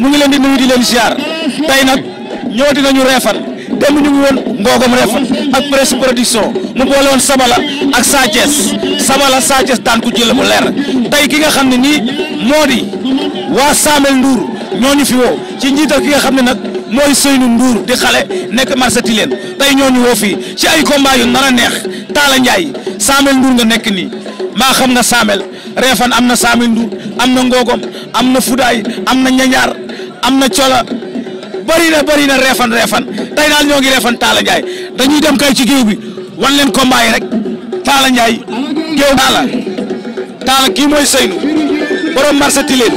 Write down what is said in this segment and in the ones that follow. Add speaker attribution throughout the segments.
Speaker 1: ñu ngi leen di nuyu di leen ziar tey nag ñëwati nañu reefan dem ñu ngi woon ngoogam reefan ak presse production mu boole woon Sabala ak Sa Thiès Sabala Sa Thiès daan ko jël bu leer tey ki nga xam ne nii moo di waa Samel Ndour ñoo ñu fi woo ci njiital ki nga xam ne nag mooy Seynou Ndour di xale nekk marché Tilène tey ñoo ñu woo fii ci ay combat yu nar a neex Talla Ndiaye Samel Ndour nga nekk nii maa xam nga Samel reefan am na Samel Ndour am na ngoogam am na Fudaay am na Ñañaar. am na cola bëri na bëri na reefan reefan tey daal ñoo ngi reefan Talla Ndiaye dañuy dem kay ci géew bi wan leen combat yi rek Talla Ndiaye géew Talla Talla kii mooy Seynou borom marché Tilène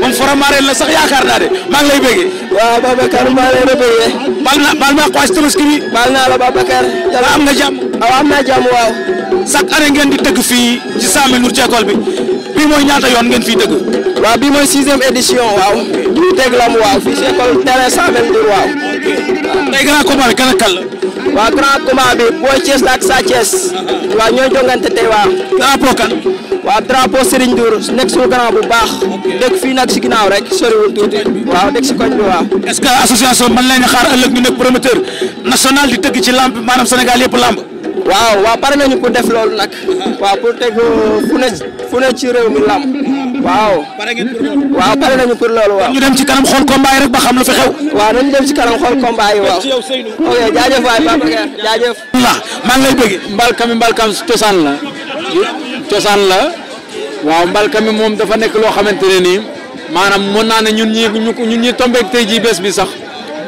Speaker 1: moom foromare la sax yaakaar naa de maa ngi lay bëggee. waaw Babacar maa lay bëggee. bal naa bal naa xaas tabaski bi. bal naa la Babacar. yàlla am nga jàmm. waaw am naa jàmm waaw. chaque année di tëgg fii ci 100000 Nour bi. bii mooy ñaata yoon ngeen fii dëgg. waaw bii mooy sixième édition waaw. ñu teg lam waaw fii c'est école terrain 122 waaw. tey grand combat bi kan ak la. waaw grand combat bi Boy Thiès ak Sa Thiès. waaw ñoo jongante tey waaw. drapeau kan. waaw drapeau Serigne Ndour nekk suñu grand bu baax. dëkk fii nag si ginnaaw rek soriwul tuuti. waaw dëkk si koñ bi waaw. est-ce que association mën leen xaar ëllëg ñu nekk promoteur national di tëgg ci lamb maanaam Sénégal yëpp lamb. waaw waaw pare nañu pour fu ne ci réew mi làmb waaw. pare ngeen pour loolu. waaw pare nañu pour loolu waaw. ñu dem ci kanam xool combat yi rek ba xam lu fi xew. waaw nañu dem ci kanam xool combat yi waaw.
Speaker 2: ok jaajëf waay Papa Gueye
Speaker 1: jaajëf. waaw maa ngi lay bëgg. mbalkami mbalkam cosaan la cosaan la waaw mbalkami moom dafa nekk loo xamante ne nii maanaam mën naa ne ñun ñii ñun ñii tombé tey jii bees bi sax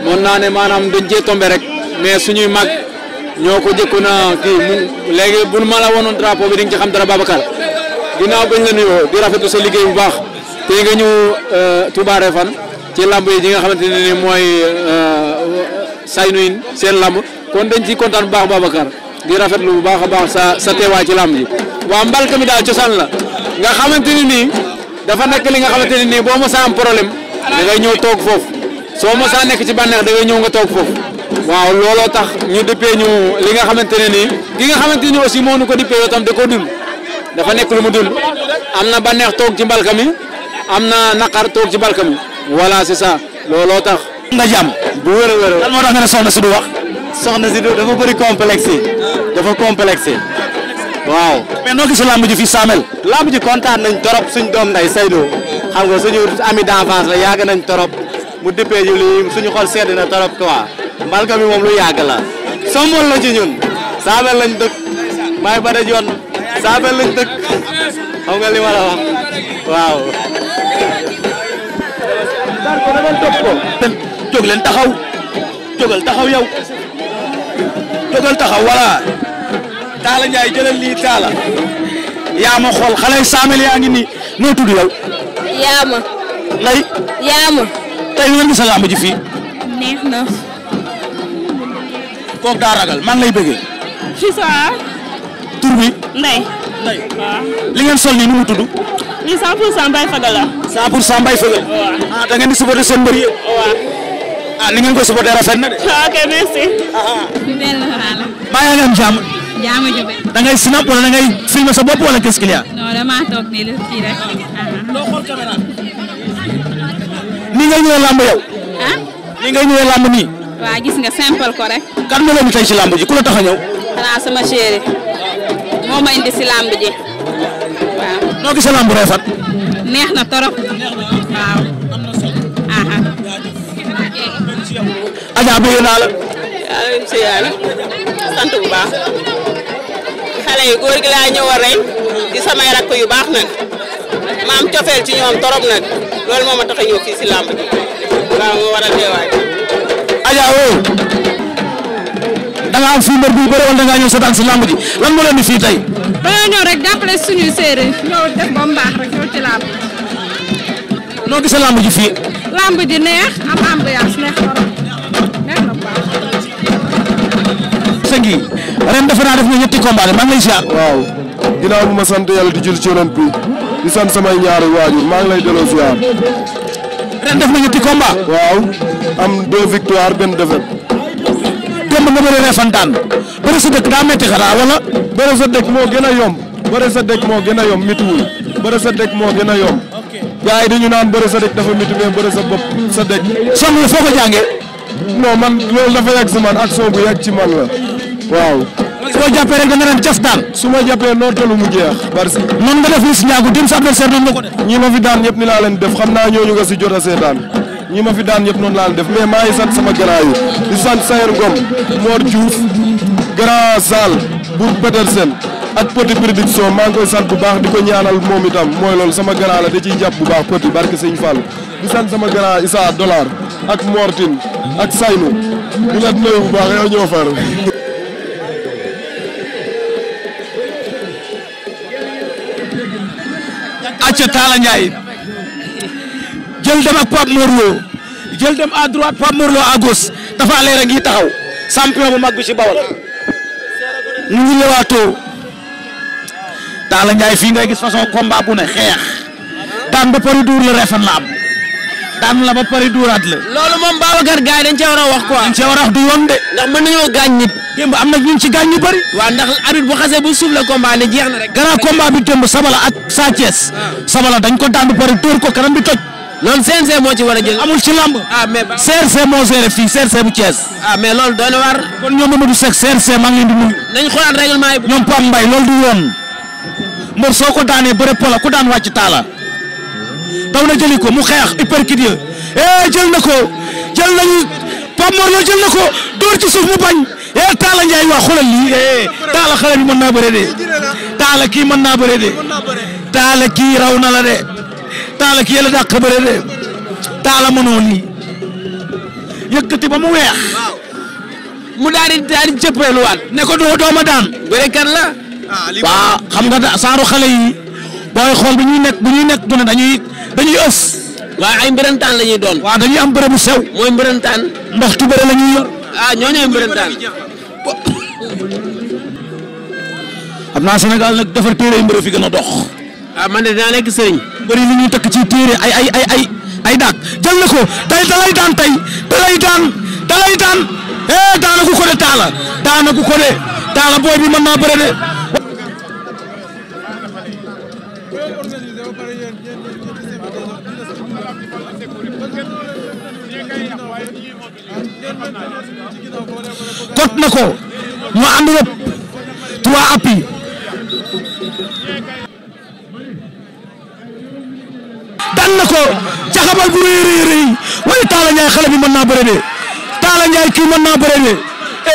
Speaker 1: mën naa ne maanaam dañ cee rek mais suñuy mag ñoo ko jëkkoon a kii mu léegi bu ma la woonoon drapeau bi di nga ci xam dara Babacar. ginnaaw bañ la nuyoo di rafetlu sa liggéey bu baax te nga ñëw euh, Touba fan ci lamb yi nga xamante ne ni mooy euh, saynu yi seen lamb kon dañ ci kontaan bu baax Babacar di rafetlu bu baax a baax sa sa teewaay ci làmb yi waa mbalka mi daal cosaan la nga xamante ne nii dafa nekk li nga xamante ne nii boo mësaa am problème da ngay ñëw toog foofu soo mësaa nekk ci bànneex da ngay ñëw nga toog foofu waaw looloo tax ñu dippee ñu li nga xamante ne nii ki nga xamante ni aussi moo nu ko dippee tam da ko dund dafa nekk lu mu dul am na bànneex toog ci mbalka am na naqar toog ci mbalka mi voilà c'est ça looloo tax. nga jàmm bu wér a wér lan moo tax nga ne soxna si du wax. soxna si du dafa bëri complexe dafa complexe waaw. mais noo gisee lamb ji fii Samel. lamb ji kontaan nañ trop suñ doom nday Seydou xam nga suñu ami d'enfance la yàgg nañ trop mu dëppee ñu lii suñu xol sedd na trop quoi mbalka mi moom lu yàgg la sombool la ci ñun Samel lañ dëkk may bare yoon. saafara lañ dëkk xam nga li wax waaw. Zarko dama topp taxaw
Speaker 2: jógal taxaw yow
Speaker 1: taxaw voilà. Talla Ndiaye jëlal lii Talla. yaa ma xool xale yi saamel yaa ngi nii noo tudd yow. yaa ma. lay. yaa ma. tey nga sa lamb ji neex na. kooku daa ragal man lay bëggee.
Speaker 2: tur bi. Ndeye.
Speaker 1: li ngeen sol nii nu mu tudd. lii 100 pour 100 Mbaye Feugeul la. 100 pour 100 Mbaye Feugeul. ah da ngeen di supporter seen mbër yëpp. Ah, li ngeen ko supporter rafet na de. ok merci. Ah, ah. maa ngi am jàmm. jàmm ju bëri. da sa bopp wala qu'est-ce qu'il y a.
Speaker 2: non dama toog nii la fii rek. doo xool caméra.
Speaker 1: nii ngay ñëwee làmb yow.
Speaker 2: ah. gis nga simple ko rek. kan
Speaker 1: nga leen di ci làmb ji la tax a ñëw.
Speaker 2: xanaa sama chérie. moo ma indi si làmb ji
Speaker 1: waaw. noo gisee làmb Refane.
Speaker 2: neex na torop waaw.
Speaker 1: Adja bëgg naa la.
Speaker 2: yàlla si
Speaker 1: yàlla sant bu baax. xale yu góor gi laa ñëw a rey di samay rakk yu baax nag ma cofeel ci ñoom torop nag loolu moo ma tax a ñëw si làmb ji waaw moo waral teewaay. Adja woo. Oh. da nga am fii mbër buy bëre wala da ngaa ñëw seetaan si lamb ji lan moo di fii ji fii.
Speaker 2: lamb ji neex am ambiance neex neex na baax.
Speaker 1: sëñ ren defe def na ñetti combat di jël ci yonent bi di sant samay ñaari waajur maa ngi lay delloo ziar. ren def na ñetti combat. waaw am deux victoire benn défaite. lamb nga bëri reefantaan bëri sa dëkk daa metti xanaa a yomb bëri moo gën a yomb mituwul bëri sa dëkk moo gën a yomb gars yi naan bëri sa dëkk dafa
Speaker 2: sa bopp sa dëkk song la foo ko
Speaker 1: jàngee non man loolu dafa yàgg si man ak soo yàgg ci man la waaw soo jàppee rek da nga su ma jàppee noonu tollu mu jeex parce que noonu nga def ni si sa adversaire noonu nga ko def ñi ma fi daan ñëpp ni laa leen def xam naa ñooñu nga si jot a seetaan ñi ma fi daan ñëpp noonu laa def mais maa ngi sant sama grand yi sant Sayer Ngom Mor Diouf grand Sall Bour Petersen ak Petit Production maa ngi koy sant bu baax di ko ñaanal moom itam mooy loolu sama grand la da ciy jàpp bu baax Petit barke Sëñ Fall di sant sama grand saa Dollar ak Mortin ak Saynu di la nuyu bu baax yow ñoo far acca Talla Ndiaye jël dem ak Pape Mor Lo jël dem à droite Pape dafa leer ngi taxaw champion bu mag bi ci Bawol ñu ngi lewaatoo Talla Ndiaye fii ngay gis façon combat bu ne xeex daan ba pare duur la refan la am daan la ba pare duuraat la. loolu moom Babacar gars yi dañ cee war a wax quoi. dañ cee war a wax du yoon de. ndax mën nañoo gaañ nit. démb am na ñu ci gaañ ñu bëri. waaw ndax arbitre bu xasee bu suuf la combat ne jeex na rek. grand combat bi démb Sabala ak Sa Thiès. Ah. Sabala dañ ko daan ba pare ko kanam bi toj. loolu CNG moo ci war a jël. amul ci lamb. ah mais CRC moo géré fii CRC bu Thiès. ah mais loolu doy na ñoom Mamadou Seck CRC maa ngi leen di nuyu. nañu xoolaat ñoom Pape Mbaye loolu du yoon. mbër soo ko daanee bëre pola ko daan wàcc taala. daw na jëli ko mu xeex uppercut ya. eh jël na ko jël nañu Pape Mor yow jël na ko door ci suuf mu bañ. eh Talla Ndiaye waa xoolal lii eh Talla xale bi mën naa bëre de. Talla kii mën naa bëre de. Talla ki raw na la de. taala ki yàlla dàq bëre de taala mënoo lii yëkkati ba mu weex. mu daal di daal di jëppeeluwaat. ne ko doo dooma daan. bëre kan la. Ah, waaw xam nga da saaru xale yi waay xool bu ñuy nekk bu ñuy nekk gone dañuy dañuy ëf. waaw ay mbërëntaan la ñuy doon. waaw dañuy am bëre bu sew. mooy mbërëntaan. ndox tu bëre la ñuy yor. ah ñooñu mbërëntaan. xam naa senegal nag defar téere mbër fi gën a dox. ah man de dinaa nekk sëriñ. bëri li ñuy tëkk ci téere ay ay ay ay ay na ko tey dalay daan tey dalay daan eh, ku ko de taala daana ku ko de taala booy bi mën naa bëre de. kot na ko mu ànd rëpp trois appuis daan na ko jaxabal bu rëy rëy rëy waaye Talla Ndiaye xale mën naa bëre de Talla Ndiaye kii mën naa bëre de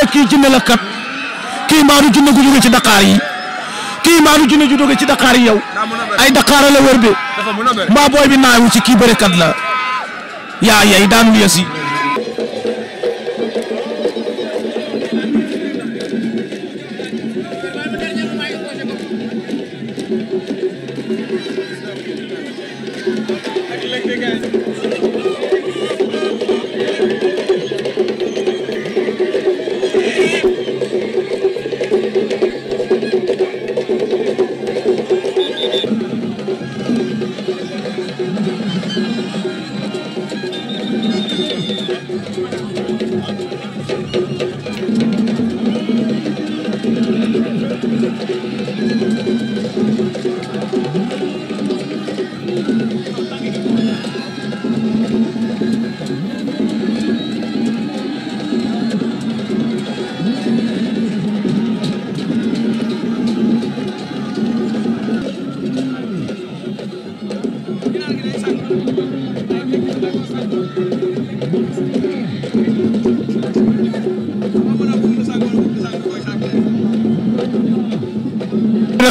Speaker 1: e kii jinne la kat kii maa du jinne gu jóge ci Dakar yi kii maa du jinne ju jóge ci Dakar yow ay Dakar la wër de booy bi naayu ci kii bëre kat la yaa yay daanu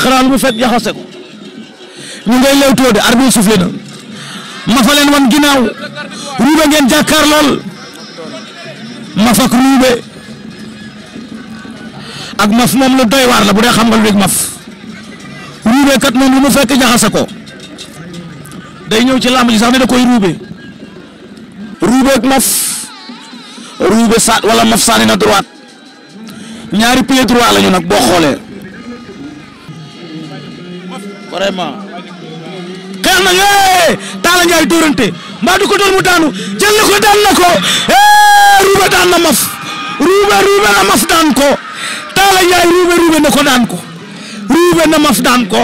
Speaker 1: xaraan bu fet jaxase ko ñu ngay lewtoo de arbitre soufflé na ma fa leen wan ruube ngeen jàkkaar lool ma fak ruube ak maf moom lu doy waar la bu dee xam nga lu dégg maf ruube kat moom lu mu fekk jaxase ko day ñëw ci làmb ji sax ne da koy ruube. ruube ak naf ruube saat wala naf saani na droite ñaari pied droit lañu nag boo xoolee. vraiment. xeex na yee Talla mbaa du ko mu daanu jël ko daan na ko eh! ruube daan na maf ruube ruube na maf daan ko Talla Ndiaye ruube ruube na ko daan ko ruube na maf daan ko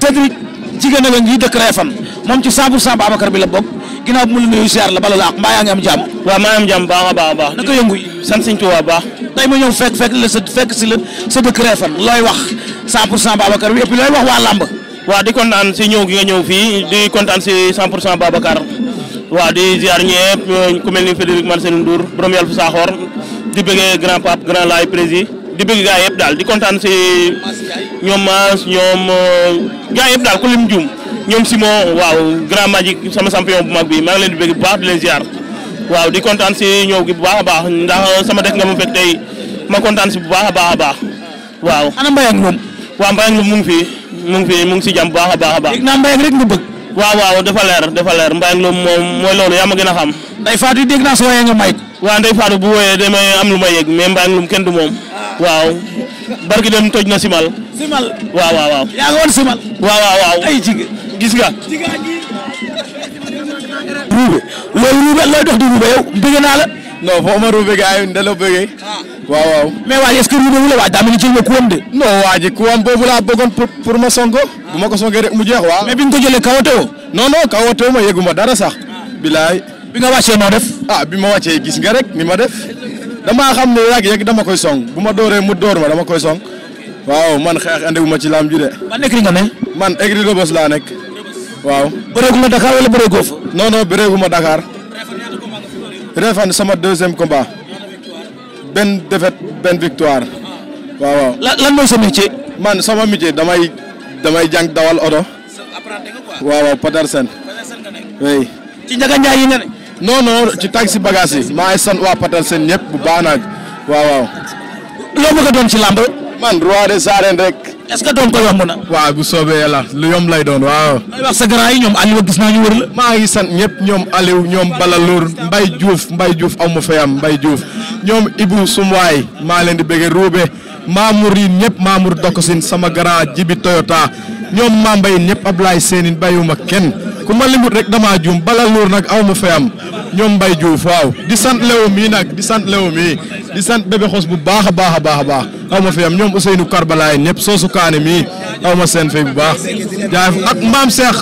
Speaker 1: Cédric jigéen a nga ngi dëkk Réfane moom ci 100 pour 100 Babacar bi la bokk ginnaaw bi mu la nuyu siyaar la bala la ak mbaa ngi am jàmm waaw maa ngi am jàmm baax a baax a baax naka yëngu sant Sëñ Tuubaa baax ñëw fekk fekk la sa fekk si la sa dëkk Réfane looy wax 100 pour 100 Babacar bi et looy wax waa làmb waaw di kontaan si ñëw gi nga ñëw fii di kontaan si 100 pour 100 Babacar waaw di ziar ñëpp ku mel ni Frédéric Marcel Ndour borom yàlla saaxoor di bëggee grand pape grand di bëgg gaa yëpp daal di kontaan si ñoom Mass ñoom euh, gaa yëpp daal ku lim juum ñoom Simon waaw grand magique sama champion bu mag bi maa leen di bëgg bu baax di leen ziar waaw di kontaan si ñëw gi bu baax a baax sama dëkk nga ma fekk tey ma kontaan si bu baax a baax a baax waaw. ana Mbaye ak moom. waaw Mbaye ak moom mu ngi fi mu fi mu ngi si jam bu baax a baax a baax. dégg naa waaw waaw dafa leer dafa leer Mbaye ak moom mooy loolu yaa ma gën a xam. Ndeye Fatou dégg naa soo wooyee nga may. waaw Ndeye Fatou bu wooyee damay am lu may yëg mais Mbaye ak moom kenn du moom waaw barki dem toj na si simal waaw waaw waaw. yaa ngi woon simal. waaw waaw waaw. ay jigéen gis nga. jigéen ñi. naa la. non foo ma ruube gars yi ndelo ah. waaw waaw. mais waa est-ce que ruube wu la waa daa mel ni jël nga kuwam de. non waa ji boobu laa bëggoon pour pour ma songo ah. bu ma ko songee rek mu jeex waaw. mais bi nga ko jëlee kawatoo. non non kawatoo ma yeguma dara sax. Ah. bilaay. bi nga wàccee noo def. ah bi ma wàccee gis nga rek ni ma def. dama xam ne yàgg yàgg dama koy song bu ma dooree mu door ma dama koy song waaw man xeex andiwu ma ci laam ji de. man écrit nga ne. laa nekk. waaw. bëreegu ma Dakar wala bëreegoo fa. non non bëreegu ma Dakar. sama deuxième combat. benn défaite benn victoire. waaw waaw lan mooy sa métier. man sama métier damay damay jàng dawal odo waaw waaw Paterson. oui. ci Ndiaga Ndiaye yi nga ne. non non ci taxi bagage yi maa ngi sant waa Patal seen ñëpp bu baax nag waaw waaw. loo bëgg a doon ci làmb. man roi des rek. est ce que doon ko yomb na. waaw bu soobee yàlla lu yomb lay doon waaw. may sa grand yi ñoom Aliou gis naa ñu wër la. maa ngi sant ñëpp ñoom Aliou ñoom Balalour mbay Diouf mbay Diouf aw ma fayam Mbaye Diouf ñoom Ibou Sumwaay maa leen di bëggee Roubé Mamour yi ñëpp Mamour Dokosin sama grand Jibi Toyota ñoom Mambay ñëpp Ablaye Sénine bàyyiwuma kenn. ku ma limut rek damaa juum balal nuur nag aw ma am ñoom Mbaye Diouf waaw di sant lew mii nag di sant lew mii di sant bébé xos bu baax a baax a baax a baax aw ma am ñoom Ousseynou Karbalaay ñëpp soosu kaane mii aw ma seen fay bu baax jaay ak maam Cheikh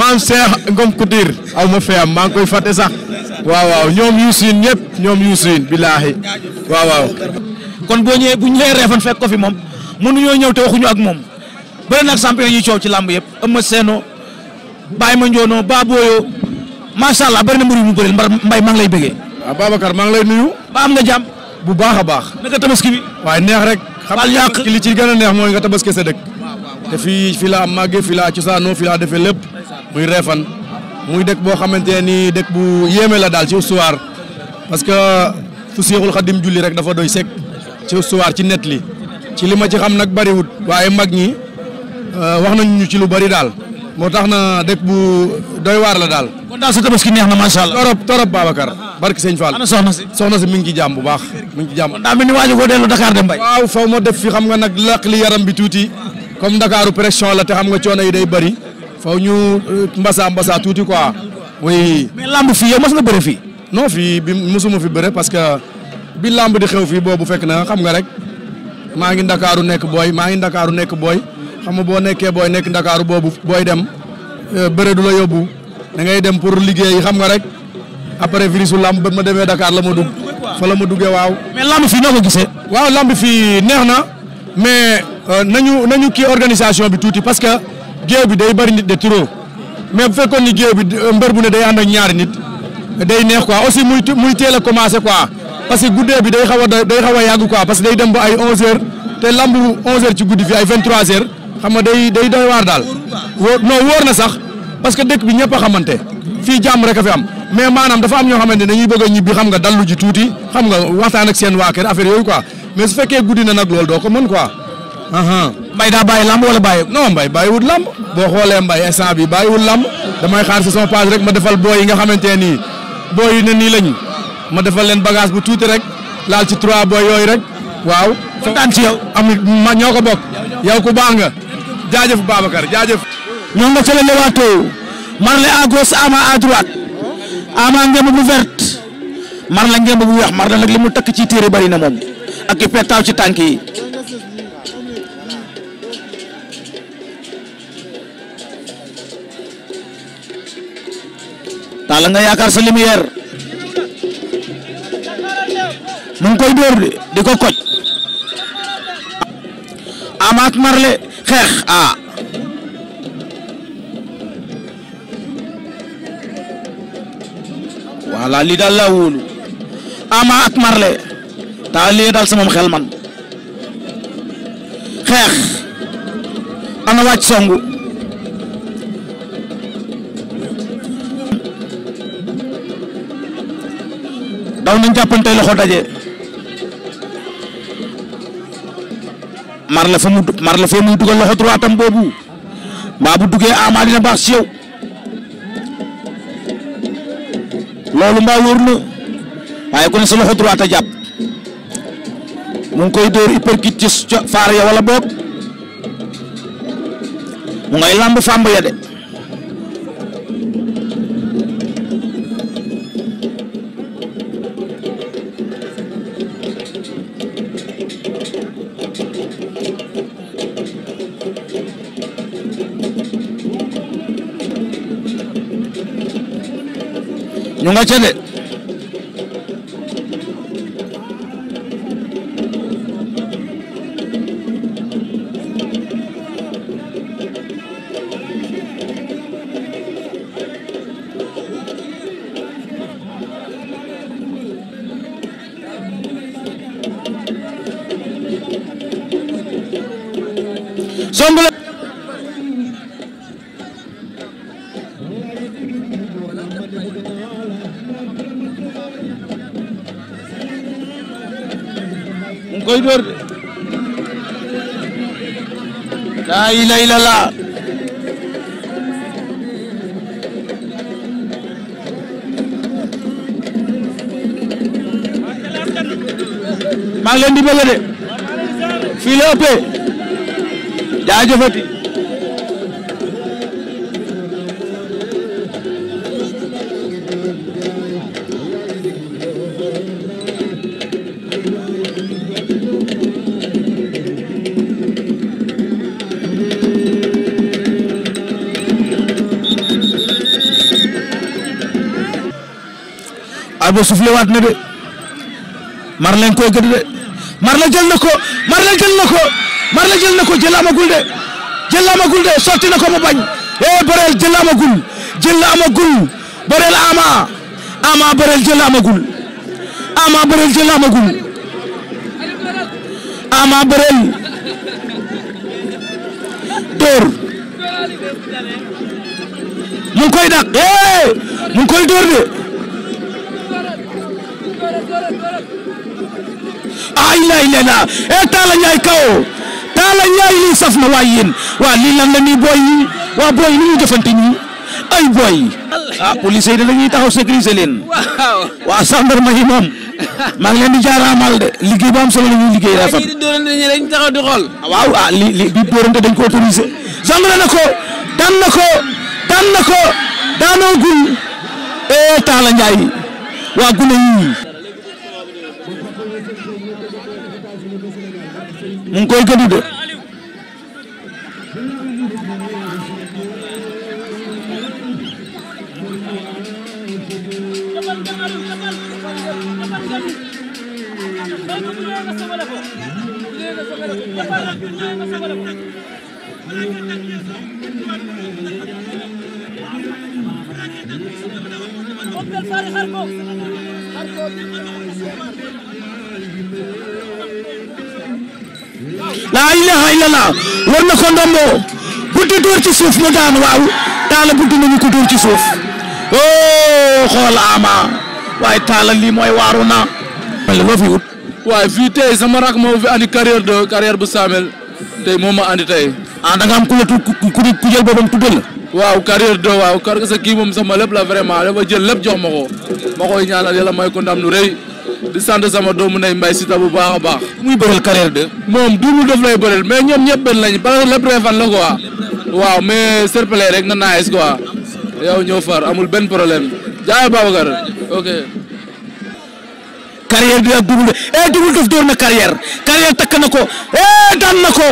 Speaker 1: maam Cheikh Ngom Couture aw ma fayam maa ngi koy fàtte sax waaw waaw ñoom Youssine ñëpp ñoom Youssine bilaahi waaw waaw. kon boo ñëwee bu ñu ñëwee Réfane fekk ko fi moom mënuñoo ñëw te waxuñu ak moom bëri na ak champion ñuy coow ci làmb yëpp ëmb seenoo. Baye ma Ndiono Ba Boyo macha allah bari na mbir yu mu mbay maa ngi lay bëggee. Ah, Babacar maa ngi nuyu. am nga jàmm. bu baax a baax. naka tabaski bi. waaye neex rek. xam nga li ci gën a neex mooy nga tabaski sa dëkk. te fii fii magge màggee fii laa cosaanoo fii laa defee lépp. muy reefan muy dëkk boo xamante ne nii dëkk bu yéeme la daal ci histoire parce que fu Seexul Xadim julli rek dafa doy sekk ci histoire ci net li ci li ma ci xam nag bariwut waaye mag ñi euh, wax nañu ñu ci lu bari daal. moo tax na dëkk bu doy waar la daal. kon daal sa tabaski neex na macha allah. torop torop Babacar. barki sëñ Fall ana soxna si. soxna si mi ngi ci jàmm bu baax mi ngi ci jàmm. kon daa waaju ko dellu Dakar dem bay. waaw faw ma def fi xam nga nag laq yaram bi tuuti comme ndakaaru pression la te xam nga coono yi day bëri faw ñu euh, mbasa mbasa tuuti quoi. oui. mais lamb fii yow mos nga bëre fii. non fii bi mosuma fi bëre parce que bi lamb di xew fii boobu fekk na xam nga rek maa ngi Dakaru nekk booy maa ngi Dakaru nekk booy. xam nga boo nekkee booy nekk ndakaaru boobu booy dem euh, bëre du la yóbbu da ngay dem pour liggéey xam nga rek après fii su lamb ba ma demee Dakar la ma dugg fa la ma duggee waaw. mais lamb fi noo ko gisee. waaw lamb fii neex na mais euh, nañu nañu kii organisation bi tuuti parce que géew bi day bëri nit de trop mais bu fekkoon ni géew bi euh, mbër bu ne day ànd ak ñaari nit day neex quoi aussi muy muy teel a commencé quoi parce que guddee bi day xaw a day xaw a yàgg quoi parce que day dem ba ay 11h lamb 11h ci guddi fi ay xam nga day day doy waar daal wóor non wóor na sax parce que dëkk bi ñëpp a xamante fii jàmm rek a fi am mais maanaam dafa am ñoo xamante ne dañuy bëgg a ñibbi xam nga dallu ji tuuti xam nga waxtaan ak seen waa kër affaire yooyu quoi mais su fekkee guddi na nag loolu doo ko mën quoi. Uh-huh. mbay daa bàyyi lamb wala bàyyi non mbay bàyyiwul lamb boo xoolee mbay instant bi bàyyiwul lamb damay xaar si sama page rek ma defal booy yi nga xamante nii booy yi ne nii lañu ma defal leen bagage bu tuuti rek laal ci trois booy yooyu rek waaw. kontaan ci yow am ma ñoo ko bokk yow ku baax nga. jaajëf Babacar jaajëf. ñoo nga ca la lewaatoo Marley à gauche Ama à droite Ama ngemb bu verte Marley weex Marley nag li mu takk ci téere bari na moom ak i pettaaw ci tànk yi. taala nga yaakaar sa lumière mu ngi koy dóor de di ko koj Ama xeex a li daal laa wóolu ama ak marle ta li daal sama xel man xeex ana wàcc songu daw nañ jàppante loxo mar la fa mu mar la fee muy dugal loxo droit am boobu mbaa bu duggee Ama dina baax loolu mbaa wóor waaye ku ne sa loxo droit a jàpp mu ngi koy dóor uppercut ci faar ya wala boog mu ngay lamb fàmb ya de ñu nga ca laa ilaha illallah maa ngi leen di bëgg de fii la ëppee jaajëfati arbitre soufflé waat na de Marley koy gëdd de Marley jël ko Marley jël na ko Marley jël na ko jël amagul de jël amagul de sotti na ko mu bañ eh bëreel jël amagul jël amagul bëreel ama ama bëreel jël amagul ama bëreel jël amagul ama bëreel koy dàq eh mu koy dóor de. ah ilaa ilaa ilaa eh Talla Ndiaye kawoo Talla Ndiaye lii saf na waay waa lii lan la nii booy yi waa booy yi nu ñu jëfante nii ay booy a ah police yi dañuy taxaw sécuriser leen. waaw waa gendarme yi moom maa ngi leen di jaaraamal de liggéey bu am solo la ñuy liggéey rafet. waaw lii di dóorante ñu dañ taxaw di xool. Ah, waaw ah li li bi dóorante dañ ko autorisé. gendarme na ko daan na ko daan na ko daanoo gul eh Talla Ndiaye waa gune yii.
Speaker 2: mu ngi koy gëdu de Harko, harko, harko, laa ilaha illallah war na ko ndomboo
Speaker 1: buddi dóor ci suuf mu daan waaw taala buddi nañu ko dóor ci suuf oh xool ama waaye taala lii mooy waaru na loo fi wut waaye fii tey sama rak moo fi andi carrière doo carrière bu Samel tey moom ma andi tey ah da nga am ku la ku jël boobam tuddal waaw carrière de waaw kar sa kii moom sama lépp la vraiment dafa jël lépp jox ma ko ma koy ñaanal yàlla may ko ndam lu rëy di sant sama doomu nay mbay si ta bu baax a baax. muy bëreel carrière de. moom duubul daf lay bëreel mais ñoom ñëpp benn lañ parce la quoi. waaw mais serpelé rek na nice quoi. yow ñoo far amul benn problème jaay Babacar ok. carrière bi ak double eh, door na carrière takk na ko eh daan na ko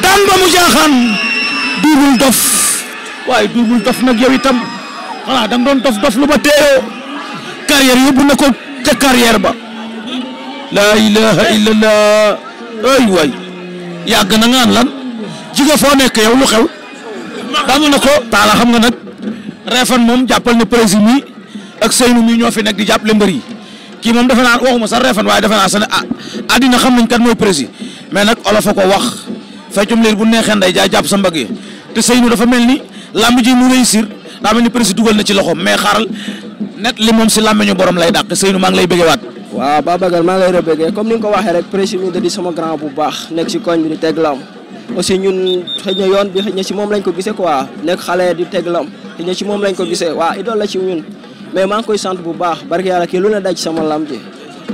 Speaker 1: daan ba mu jaaxaan double dof waaye double dof nag yow itam xanaa da doon dof dof lu ba teeyoo carrière yóbbu na ko ca carrière ba. laa ilaha illallah ay waay yàgg na ngaan lan jiga foo nekk yow lu xew daanu na ko a xam nga nag reefan moom jàppal na président mi ak Seynou mi ñoo fi nekk di jàppale mbër yi kii moom defe naa waxuma sax reefan waaye defe naa sax ne addina ah, xam nañ kat mooy président mais nag olof a ko wax feccum liir bu neexee nday jaay jàpp sa mbagg te Seynou dafa mel ni làmb ji mu réussir daa mel ni président dugal na ci loxoom mais xaaral net li moom si làmmeñu borom lay dàq Seynou maa ngi lay bëggee waat. waaw Babacar maa ngi lay rëbbëggee comme ni nga ko waxee rek président da sama grand bu baax nekk si koñ bi di teg lam aussi ñun xëy na yoon bi xëy na si moom lañ ko gisee quoi nekk xale di teg lam si moom lañ ko gisee waa idole la ci ñun mais maa ngi koy sant bu baax barke yàlla kii lu ne daj sama lam ji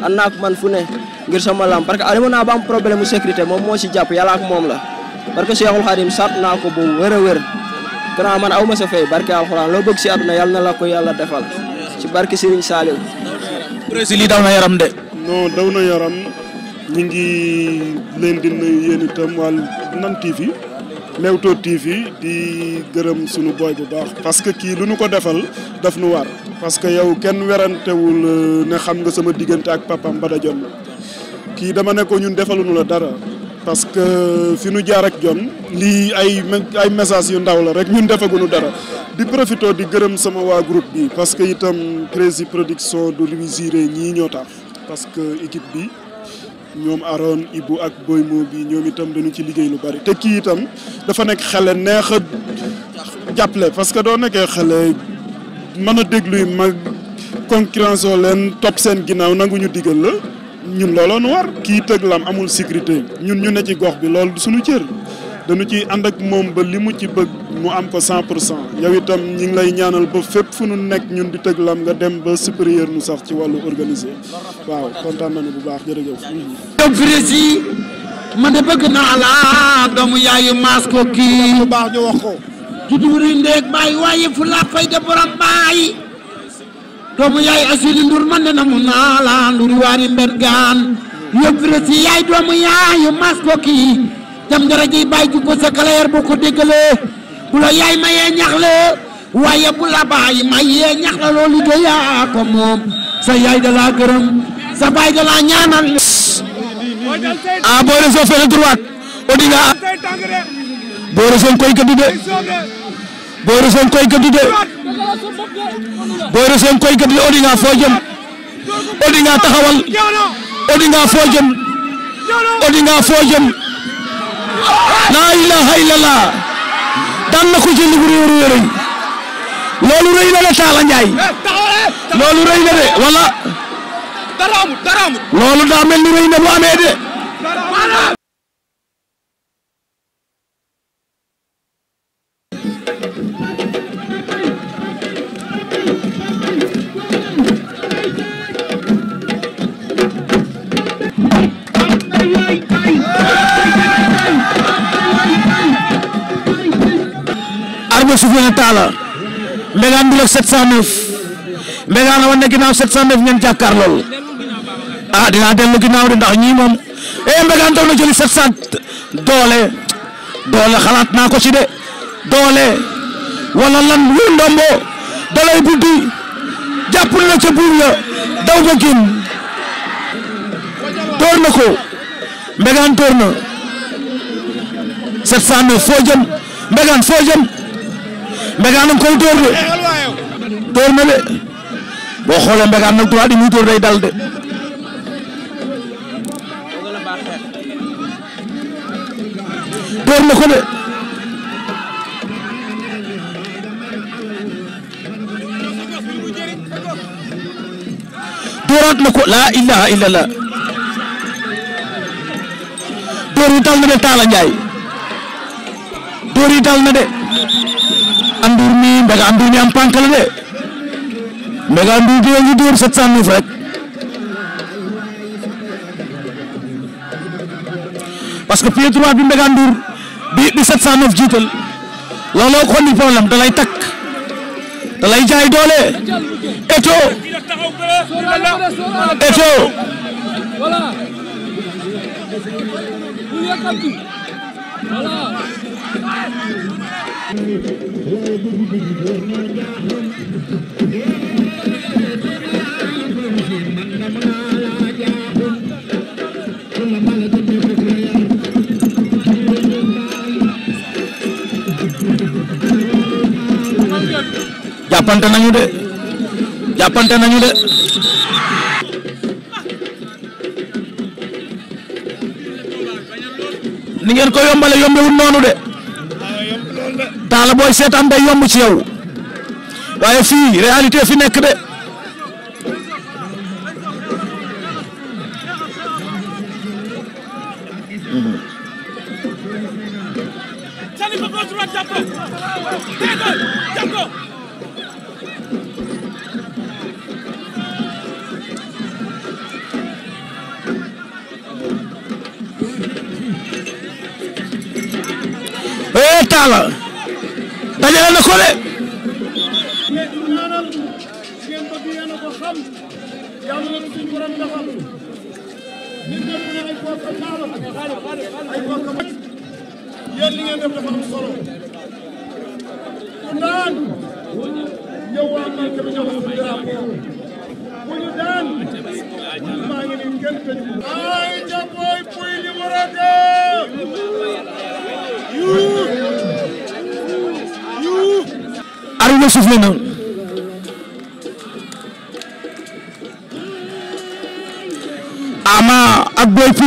Speaker 1: ànd naa ak man fu ne ngir sama lam parce que alima naa ba am problème mu sécurité moom moo si jàpp yàlla ak moom la parce que Cheikhul Khadim a wér
Speaker 2: si àdduna na la ko yàlla defal ci barke Serigne Saliou. Brésil yi daw na yaram de. non daw na yaram ñu ngi leen di nuyu yéen itam wàllu nan TV Leewtoo TV di gërëm sunu boy bu baax parce que kii lu ñu ko defal daf nu war parce que yow kenn werantewul euh, ne xam nga sama diggante ak ba papam Bada Dione kii dama ne ko ñun defaluñu la dara. parce que fi nu jaar ak jon lii ay ay message yu ndaw la rek ñun defaguñu dara di profité di gërëm sama waa group bi parce que itam Crazy Production du Louis Ziré ñii ñoo tax parce que équipe bi ñoom Aaron Ibou ak Boy Mo bi ñoom itam dañu ci liggéey lu bari te kii itam dafa nekk xale neex a jàppale parce que doo nekkee xele mën a dégluy mag concurrence leen topp seen ginnaaw ñu digal la ñun looloo nu war kii tëgg lam amul sécurité ñun ñu ne ci gox bi loolu suñu cër dañu ci ànd ak moom ba li mu ci bëgg mu am ko cent cent yow itam ñi ngi lay ñaanal ba fépp fu nu nekk ñun di tëgg lam nga dem ba supérieur nu sax ci wàllu organisé waaw kontaan nañu bu baax jërëjëf. donc Rési ma de bëgg naa la doomu yaayu maas ko
Speaker 1: kii. bu baax ñu wax ko. juddu wu ñu ndéeg bàyyi waaye fu laa fay de borom bàyyi. doomu yaay asili ndur man de na mu naala ndur waari mbergaan yóbbu rësi yaay doomu yaayu mas bokki jam dara ji bàyyi sa kaleer boo ko déggalee bu la yaay mayee ñax la waaye bu la bàyyi mayee ñax la yaa ko moom sa yaay da gërëm sa baay da laa ñaanal
Speaker 2: a boo resoo fee na droite
Speaker 1: o a koy ka du Boy Rassoul koy gëdd de
Speaker 2: Boy Rassoul koy gëdd de Odinga
Speaker 1: foo jëm Odinga taxawal Odinga foo jëm Odinga foo jëm laa ilaaha illallah daan na ko jël bu rëy a rëy loolu rëy na la Talla
Speaker 2: Ndiaye
Speaker 1: loolu rëy na de wala loolu daa mel ni rëy na bu amee
Speaker 2: de
Speaker 1: Koné Talla Mbégane Bulok 709 Mbégane wane na ginnaaw 709 ngeen jàkkaar lool ah dinaa dellu ginnaaw de ndax ñii moom eh Mbégane daw na jëli doole doole xalaat naa ko ci de doole wala lan wu ndombo doole bu di jàpp na ca buur ya daw ba génn door na ko Mbégane door na 709 foo jëm Mbégane foo mbegaan nag koy tóor de tóor na de boo xoolee mbegaan nag trois di muy dal de tóor na ko de tóoraat na ko laa ilaha illallah tóor yi dal na de Talla Ndiaye yi dal na de Ndour mi Mbega Ndour mi am pànk la de Mbega Ndour di ngi dóor 709 rek parce que pied droit bi Mbega Ndour bi bi 709 jiital looloo ko ni problème da lay takk da lay jaay doole Eto Eto voilà jàppante nañu de jàppante nañu de ni ngeen ko yombale yombewul noonu de yàlla booy seetaan day yomb ci yow waaye fii réalité fi nekk de Eita, lá! dajale na ko de yéen daan ñëw maa ngi nii kenn ay jàppooy puy
Speaker 2: numéro
Speaker 1: arbitre soufflé na Ama ak Boy bu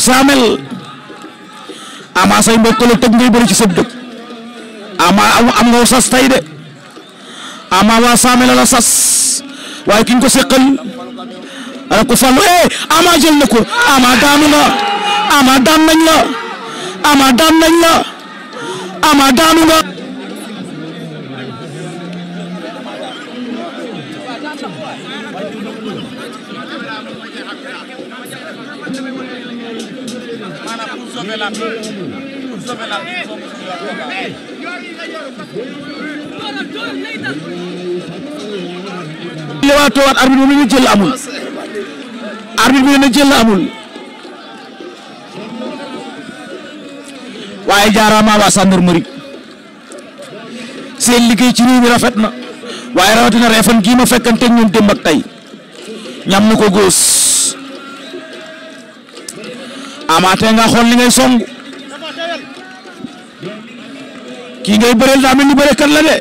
Speaker 1: Samel Ama say mbokk la tëgg ngay bëri ci sa dëkk am nga sas tay sas waaye ki ñu ko seqal ala ko fàllu eh Ama jël na ko Ama daanu na Ama daan nañ la ama daan nañ la ama daanu nga lewaatoowaat arbitre bi mu ne jël amul arbitre bi ne jël amul waaye jaaraama waa gendarmerie seen liggéey ci réew rafet na waaye rawatina reefan gii ma fekkante ñun démb ak tey ñam na ko góos amaatee nga xool li ngay song kii ngay bëreel daa mel ni bërekat la de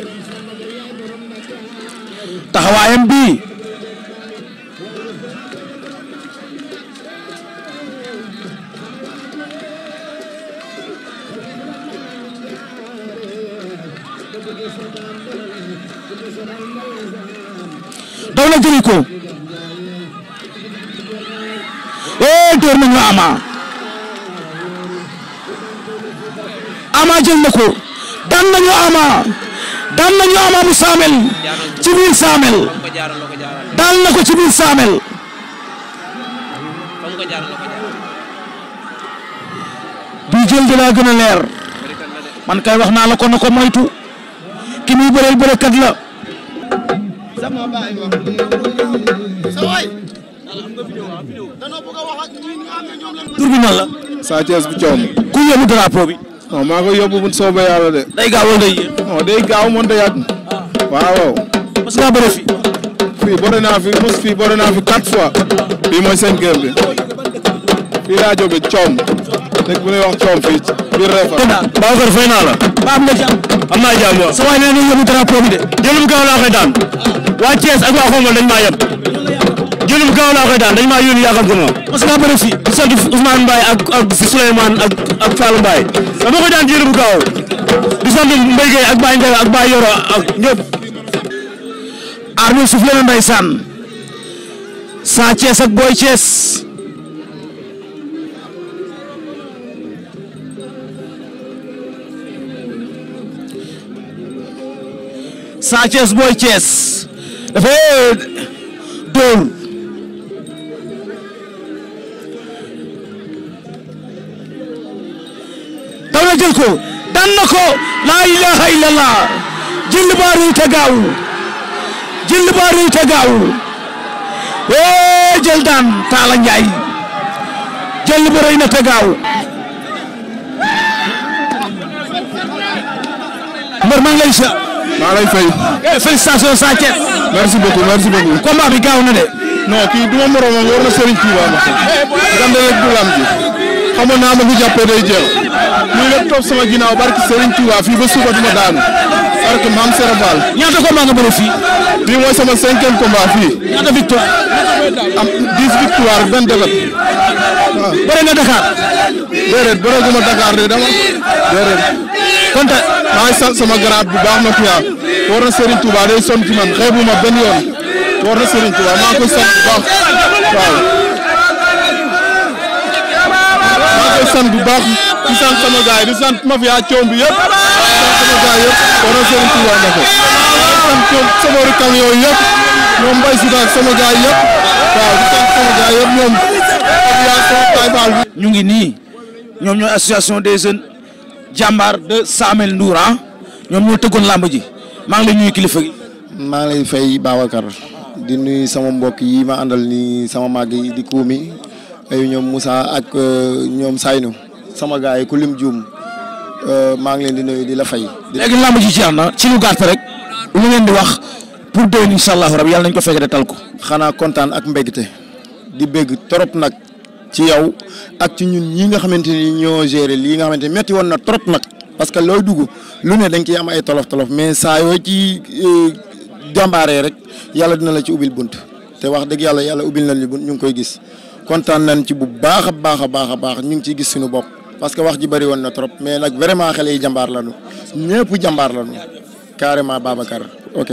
Speaker 1: taxawaayam bii ama ama jël na ko daan nañu ama daan nañu ama mu saamel ci biir saamel daan na ko ci biir saamel bii jël di laa gën a leer man kay wax naa la ko na ko moytu ki muy bëreel bërekat la tur la. Sa Thiès bu coow. ku yóbbu de. day gaaw wala day yéex. fi mos naa fi quatre fois. mooy cinquième bi. fii laa jógee coom. dëgg bu ñuy wax coom fii biir Réfane. dëgg la Babacar naa la. ba am na jàmm. am naa jàmm waaw. sa waay nee de. jëlum kaw laa koy daan. waa Thiès ak waa Xombol dañ maa yem. jëlum gaaw laa koy daan dañ maa yónni yaa xam ko ma. mos ngaa bëri fii di sant ak ak ak ak Fallou Mbaye dama daan jëlum gaaw di sant Mbaye Gueye ak ak Baye Yoro ak ñëpp. armée suuf la na ndeysaan Sa Thiès ak Boy Thiès Sa Thiès Boy eh, na jël ko daan na ko laa ilaha illallah jël baa ta te gaaw jël baa rëy te gaaw daan Talla Ndiaye jël ba na te gaaw mbër maa ngi lay sa maa fay félicitations Sa Thiès merci beaucoup merci beaucoup bi gaaw na de
Speaker 2: non kii duma moroomam war na Serigne Touba ma xam dam de rek du lam ji xamoon naa ma ko muy lépp topp sama ginaaw barki Serigne Touba fii ba suba duma daanu
Speaker 1: barki Maam Serap Fall. ñaata combat nga bëri fii. mooy sama cinquième combat fii. ñaata victoire. am victoire benn défaite. waaw ah. bëri nga Dakar. déedéet bëreeguma Dakar de dama déedéet. kon sama garaat bu
Speaker 2: baax ma fiyaa war na Serigne Touba day sonn ci man xeebuma benn yoon war na Serigne Touba maa ngi koy sant baax koy sant bu baax di sant sama gars yi di sant mafia coom bi yëpp di sant sama gars yëpp war na
Speaker 1: Serigne Touba ñu ngi nii ñoom ñooy association des jeunes jàmbaar de Samel Ndour ah, ñoom ñoo tëggoon làmb ji maa ngi kilifa maa ngi lay fay di nuyu sama mbokk yi ma àndal nii sama màgg yi di kuumi. ñoom Moussa ak euh, ñoom Saynu sama gars yi ku lim juum euh, maa ngi leen di nuyu di la fay. léegi lamb ji jeex na ci lu rek lu ngeen di wax pour déwén incha allahu yàlla nañ ko fekk de tal xanaa kontaan ak mbégte di bégg trop nag ci yow ak ci ñun ñii nga xamante ni ñoo géré lii nga xamante ni métti woon na trop nag parce que looy dugg lu ne dañ ciy am ay tolof tolof mais saa yoo ci euh, jàmbaaree rek yàlla dina la ci ubbil bunt te wax dëgg yàlla yàlla ubbil nañ li bunt ñu ngi koy gis. kontaan nañ ci bu baax a baax a baax a baax ñu ngi ciy gis suñu bopp parce que wax ji bëri woon na trop mais nag vraiment xale yi jambaar lañu ñëpp jambaar lañu carrément Babacar ok.